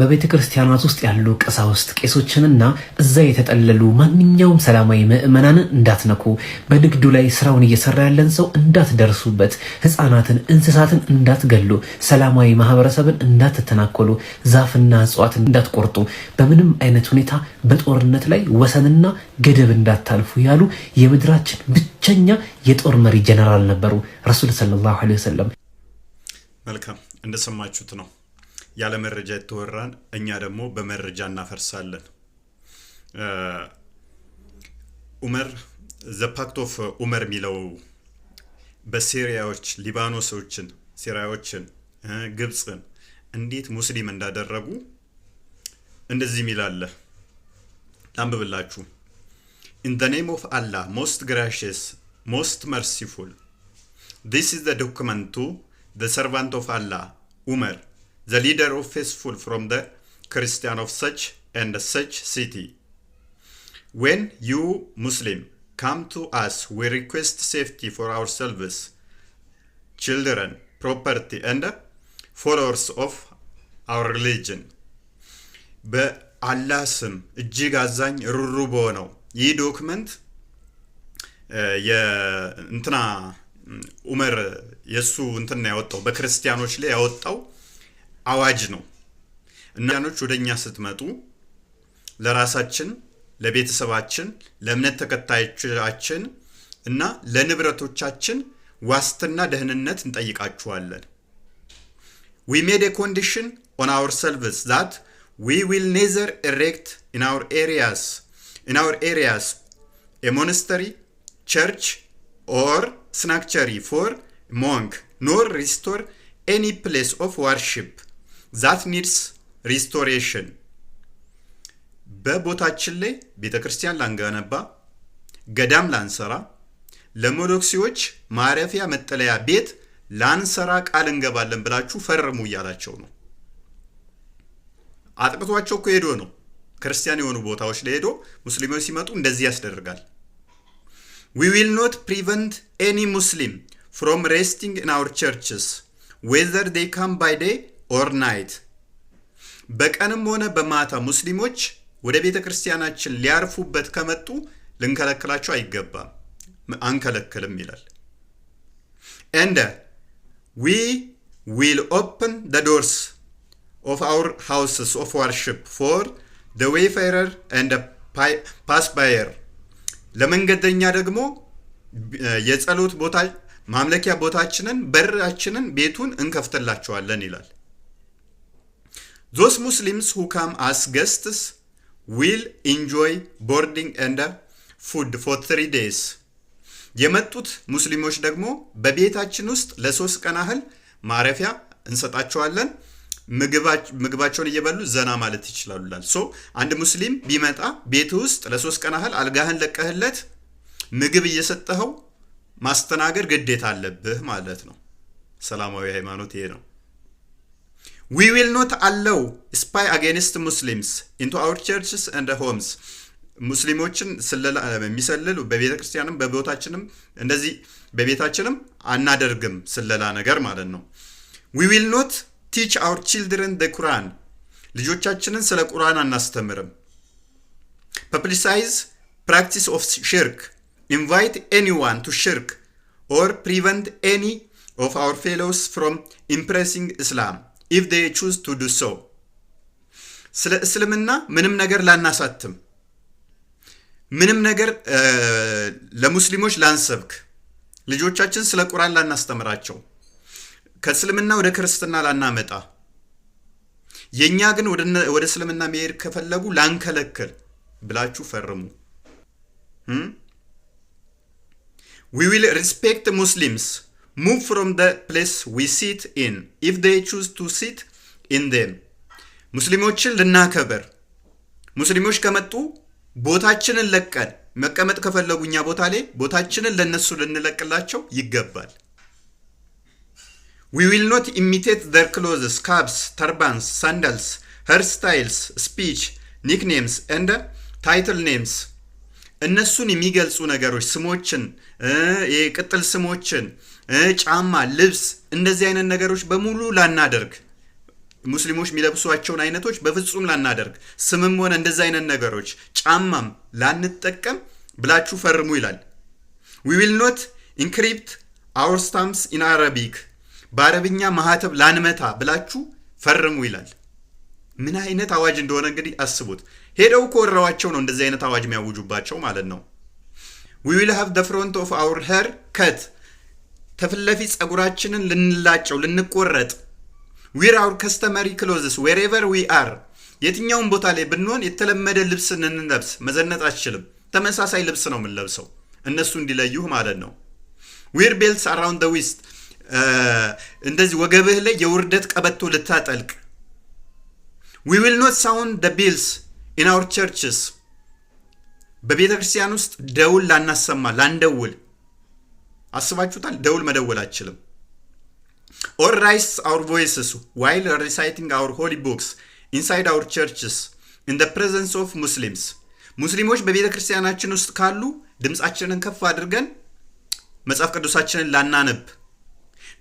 በቤተ ክርስቲያናት ውስጥ ያሉ ቀሳውስት ቄሶችንና እዛ የተጠለሉ ማንኛውም ሰላማዊ ምዕመናንን እንዳትነኩ፣ በንግዱ ላይ ስራውን እየሰራ ያለን ሰው እንዳትደርሱበት፣ ህፃናትን፣ እንስሳትን እንዳትገሉ፣ ሰላማዊ ማህበረሰብን እንዳትተናከሉ ዛፍና እጽዋትን እንዳትቆርጡ፣ በምንም አይነት ሁኔታ በጦርነት ላይ ወሰንና ገደብ እንዳታልፉ ያሉ የምድራችን ብቸኛ የጦር መሪ ጀነራል ነበሩ ረሱል ሰለላሁ ዐለይሂ ወሰለም። መልካም እንደሰማችሁት ነው። ያለ መረጃ የተወራን እኛ ደግሞ በመረጃ እናፈርሳለን። ኡመር ዘ ፓክት ኦፍ ኡመር የሚለው በሲሪያዎች ሊባኖሶችን፣ ሴሪያዎችን፣ ግብፅን እንዴት ሙስሊም እንዳደረጉ እንደዚህ የሚላለ ላንብብላችሁ። ኢን ዘ ኔም ኦፍ አላህ ሞስት ግራሽስ ሞስት መርሲፉል ዲስ ኢዝ ዘ ዶክመንቱ ዘ ሰርቫንት ኦፍ አላህ ኡመር the leader of faithful from the Christian of such and such city. When you Muslim come to us, we request safety for ourselves, children, property, and followers of our religion. በአላህ ስም እጅግ አዛኝ ሩሩ በሆነው ይህ ዶክመንት እንትና ኡመር የእሱ እንትና ያወጣው በክርስቲያኖች ላይ ያወጣው አዋጅ ነው እናያኖች ያኖች ወደ እኛ ስትመጡ ለራሳችን፣ ለቤተሰባችን፣ ለእምነት ተከታዮቻችን እና ለንብረቶቻችን ዋስትና ደህንነት እንጠይቃችኋለን። ዊ ሜድ ኤ ኮንዲሽን ኦን አወር ሰልቭስ ዛት ዊ ዊል ኔዘር ኤሬክት ኢን አወር ኤሪያስ ኢን አወር ኤሪያስ ኤ ሞነስተሪ ቸርች ኦር ስናክቸሪ ፎር ሞንክ ኖር ሪስቶር ኤኒ ፕሌስ ኦፍ ዋርሺፕ ዛት ኒድስ ሪስቶሬሽን በቦታችን ላይ ቤተ ክርስቲያን ላንገነባ፣ ገዳም ላንሰራ፣ ለሞዶክሲዎች ማረፊያ መጠለያ ቤት ላንሰራ ቃል እንገባለን ብላችሁ ፈርሙ እያላቸው ነው። አጥቅቷቸው እኮ ሄዶ ነው ክርስቲያን የሆኑ ቦታዎች ላይ ሄዶ ሙስሊሞች ሲመጡ እንደዚህ ያስደርጋል። ዊ ዊል ኖት ፕሪቨንት ኤኒ ሙስሊም ፍሮም ሬስቲንግ ኢን አወር ቸርችስ ዌዘር ዴይ ካም ባይ ዴይ ኦር ናይት በቀንም ሆነ በማታ ሙስሊሞች ወደ ቤተ ክርስቲያናችን ሊያርፉበት ከመጡ ልንከለክላቸው አይገባም፣ አንከለክልም ይላል። ኤንድ ዊ ዊል ኦፕን ደ ዶርስ ኦፍ አውር ሃውስስ ኦፍ ዋርሽፕ ፎር ደ ዌይፌረር ኤንድ ፓስ ባየር ለመንገደኛ ደግሞ uh, የጸሎት ቦታ ማምለኪያ ቦታችንን በራችንን ቤቱን እንከፍትላቸዋለን ይላል። those Muslims who come as guests will enjoy boarding and food for three days. የመጡት ሙስሊሞች ደግሞ በቤታችን ውስጥ ለሶስት ቀን ያህል ማረፊያ እንሰጣቸዋለን። ምግባቸውን እየበሉ ዘና ማለት ይችላሉ ይላል። ሶ አንድ ሙስሊም ቢመጣ ቤት ውስጥ ለሶስት ቀን ያህል አልጋህን ለቀህለት ምግብ እየሰጠኸው ማስተናገድ ግዴታ አለብህ ማለት ነው። ሰላማዊ ሃይማኖት ይሄ ነው። ዊ ዊል ኖት አለው ስፓይ አጌንስት ሙስሊምስ ኢንቱ አውር ቸርችስ እንደ ሆምስ ሙስሊሞችን የሚሰልል በቤተ ክርስቲያንም በቦታችንም እንደዚህ በቤታችንም አናደርግም ስለላ ነገር ማለት ነው። ዊ ዊል ኖት ቲች አውር ቺልድረን ደ ቁርአን ልጆቻችንን ስለ ቁርአን አናስተምርም። ፐብሊሳይዝ ፕራክቲስ ኦፍ ሽርክ ኢንቫይት ኤኒዋን ቱ ሽርክ ኦር ፕሪቨንት ኤኒ ኦፍ አውር ፌሎስ ፍሮም ኢምፕሬሲንግ እስላም ኢፍ ዴ ቹዝ ቱ ዱ ሶ። ስለ እስልምና ምንም ነገር ላናሳትም፣ ምንም ነገር ለሙስሊሞች ላንሰብክ፣ ልጆቻችን ስለ ቁርአን ላናስተምራቸው፣ ከእስልምና ወደ ክርስትና ላናመጣ፣ የእኛ ግን ወደ እስልምና መሄድ ከፈለጉ ላንከለክል ብላችሁ ፈርሙ። ዊ ዊል ሪስፔክት ሙስሊምስ move from the place we sit in if they choose to sit in them ሙስሊሞችን ልናከብር ሙስሊሞች ከመጡ ቦታችንን ለቀን መቀመጥ ከፈለጉ እኛ ቦታ ላይ ቦታችንን ለነሱ ልንለቅላቸው ይገባል። ዊ ዊል ኖት ኢሚቴት ዘር ክሎዝስ ካፕስ ተርባንስ ሳንዳልስ ሄርስታይልስ ስፒች ኒክኔምስ ኤንድ ታይትል ኔምስ እነሱን የሚገልጹ ነገሮች ስሞችን፣ የቅጥል ስሞችን፣ ጫማ፣ ልብስ እንደዚህ አይነት ነገሮች በሙሉ ላናደርግ ሙስሊሞች የሚለብሷቸውን አይነቶች በፍጹም ላናደርግ፣ ስምም ሆነ እንደዚህ አይነት ነገሮች ጫማም ላንጠቀም ብላችሁ ፈርሙ ይላል። ዊ ዊል ኖት ኢንክሪፕት አወር ስታምፕስ ኢን አረቢክ በአረብኛ ማህተብ ላንመታ ብላችሁ ፈርሙ ይላል። ምን አይነት አዋጅ እንደሆነ እንግዲህ አስቡት። ሄደው ኮረዋቸው ነው እንደዚህ አይነት አዋጅ የሚያውጁባቸው ማለት ነው። ዊ ዊል ሃቭ ደ ፍሮንት ኦፍ አውር ሄር ከት ተፍለፊ ፀጉራችንን ጸጉራችንን ልንላጨው ልንቆረጥ። ዊር አውር ከስተመሪ ክሎዝስ ዌሬቨር ዊ አር የትኛውን ቦታ ላይ ብንሆን የተለመደ ልብስ እንለብስ። መዘነጥ አችልም ተመሳሳይ ልብስ ነው የምንለብሰው እነሱ እንዲለዩህ ማለት ነው። ዊር ቤልትስ አራውንድ ደ ዊስት እንደዚህ ወገብህ ላይ የውርደት ቀበቶ ልታጠልቅ። ዊ ዊል ኖት ሳውንድ ደ ቤልስ ኢን አወር ቸርችስ በቤተ ክርስቲያን ውስጥ ደውል ላናሰማ ላንደውል። አስባችሁታል? ደውል መደወል አችልም። ኦር ራይስ አወር ቮይስስ ዋይል ሪሳይቲንግ አወር ሆሊ ቡክስ ኢንሳይድ አወር ቸርችስ ኢን ደ ፕሬዘንስ ኦፍ ሙስሊምስ ሙስሊሞች በቤተ ክርስቲያናችን ውስጥ ካሉ ድምፃችንን ከፍ አድርገን መጽሐፍ ቅዱሳችንን ላናነብ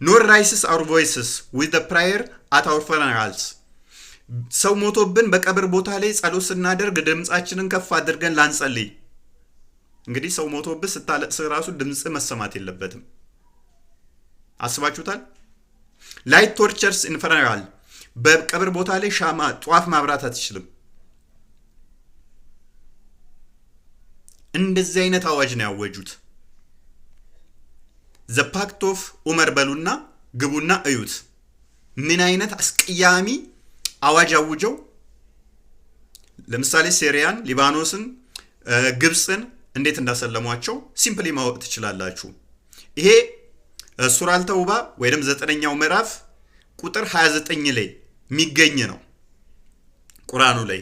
ኖር ራይስስ አወር ቮይስስ ዊዝ ፕራየር አት አወር ፈነራልስ ሰው ሞቶብን በቀብር ቦታ ላይ ጸሎት ስናደርግ ድምፃችንን ከፍ አድርገን ላንጸልይ። እንግዲህ ሰው ሞቶብህ ስታለቅስ ራሱ ድምፅ መሰማት የለበትም። አስባችሁታል? ላይት ቶርቸርስ ኢንፈርናል። በቀብር ቦታ ላይ ሻማ ጧፍ ማብራት አትችልም። እንደዚህ አይነት አዋጅ ነው ያወጁት። ዘ ፓክት ኦፍ ኡመር በሉና ግቡና እዩት ምን አይነት አስቀያሚ አዋጅ አውጀው ለምሳሌ ሴሪያን፣ ሊባኖስን፣ ግብፅን እንዴት እንዳሰለሟቸው ሲምፕሊ ማወቅ ትችላላችሁ። ይሄ ሱራል ተውባ ወይም ዘጠነኛው ምዕራፍ ቁጥር 29 ላይ የሚገኝ ነው። ቁርአኑ ላይ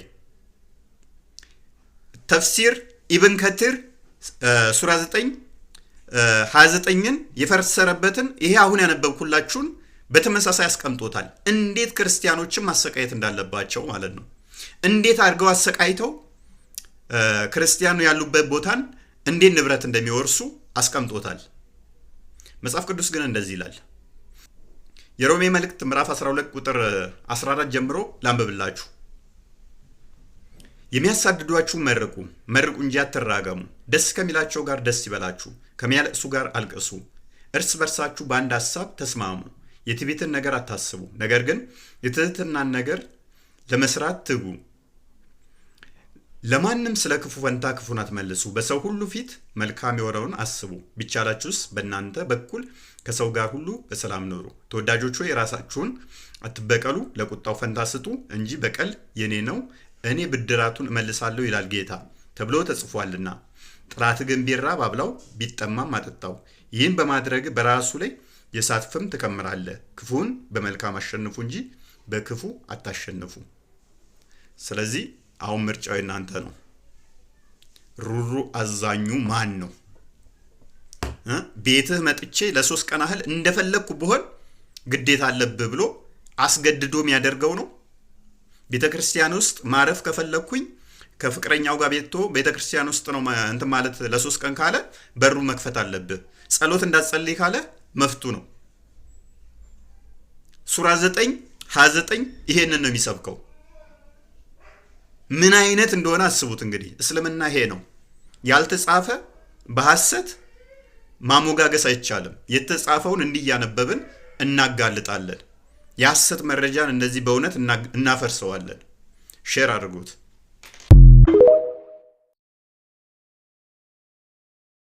ተፍሲር ኢብን ከትር ሱራ 9 29ን የፈሰረበትን ይሄ አሁን ያነበብኩላችሁን በተመሳሳይ አስቀምጦታል። እንዴት ክርስቲያኖችን ማሰቃየት እንዳለባቸው ማለት ነው። እንዴት አድርገው አሰቃይተው ክርስቲያኑ ያሉበት ቦታን እንዴት ንብረት እንደሚወርሱ አስቀምጦታል። መጽሐፍ ቅዱስ ግን እንደዚህ ይላል። የሮሜ መልእክት ምዕራፍ 12 ቁጥር 14 ጀምሮ ላንብብላችሁ። የሚያሳድዷችሁ መርቁ፣ መርቁ እንጂ አትራገሙ። ደስ ከሚላቸው ጋር ደስ ይበላችሁ፣ ከሚያለቅሱ ጋር አልቅሱ። እርስ በርሳችሁ በአንድ ሀሳብ ተስማሙ። የትዕቢትን ነገር አታስቡ፣ ነገር ግን የትህትናን ነገር ለመስራት ትጉ። ለማንም ስለ ክፉ ፈንታ ክፉን አትመልሱ፣ በሰው ሁሉ ፊት መልካም የሆነውን አስቡ። ቢቻላችሁስ በእናንተ በኩል ከሰው ጋር ሁሉ በሰላም ኖሩ። ተወዳጆቹ የራሳችሁን አትበቀሉ፣ ለቁጣው ፈንታ ስጡ እንጂ በቀል የኔ ነው፣ እኔ ብድራቱን እመልሳለሁ ይላል ጌታ ተብሎ ተጽፏልና። ጠላትህ ግን ቢራብ አብላው፣ ቢጠማም አጠጣው። ይህን በማድረግ በራሱ ላይ የእሳት ፍም ትከምራለህ። ክፉን በመልካም አሸንፉ እንጂ በክፉ አታሸንፉ። ስለዚህ አሁን ምርጫው የእናንተ ነው። ሩሩ አዛኙ ማን ነው? ቤትህ መጥቼ ለሶስት ቀን ያህል እንደፈለግኩ ብሆን ግዴታ አለብህ ብሎ አስገድዶ የሚያደርገው ነው። ቤተ ክርስቲያን ውስጥ ማረፍ ከፈለግኩኝ ከፍቅረኛው ጋር ቤቶ ቤተ ክርስቲያን ውስጥ ነው እንትን ማለት ለሶስት ቀን ካለ በሩ መክፈት አለብህ። ጸሎት እንዳትጸልይ ካለ መፍቱ ነው። ሱራ 9 29 ይሄንን ነው የሚሰብከው። ምን አይነት እንደሆነ አስቡት እንግዲህ። እስልምና ይሄ ነው። ያልተጻፈ በሐሰት ማሞጋገስ አይቻልም። የተጻፈውን እንዲያነበብን እናጋልጣለን። የሐሰት መረጃን እንደዚህ በእውነት እናፈርሰዋለን። ሼር አድርጉት።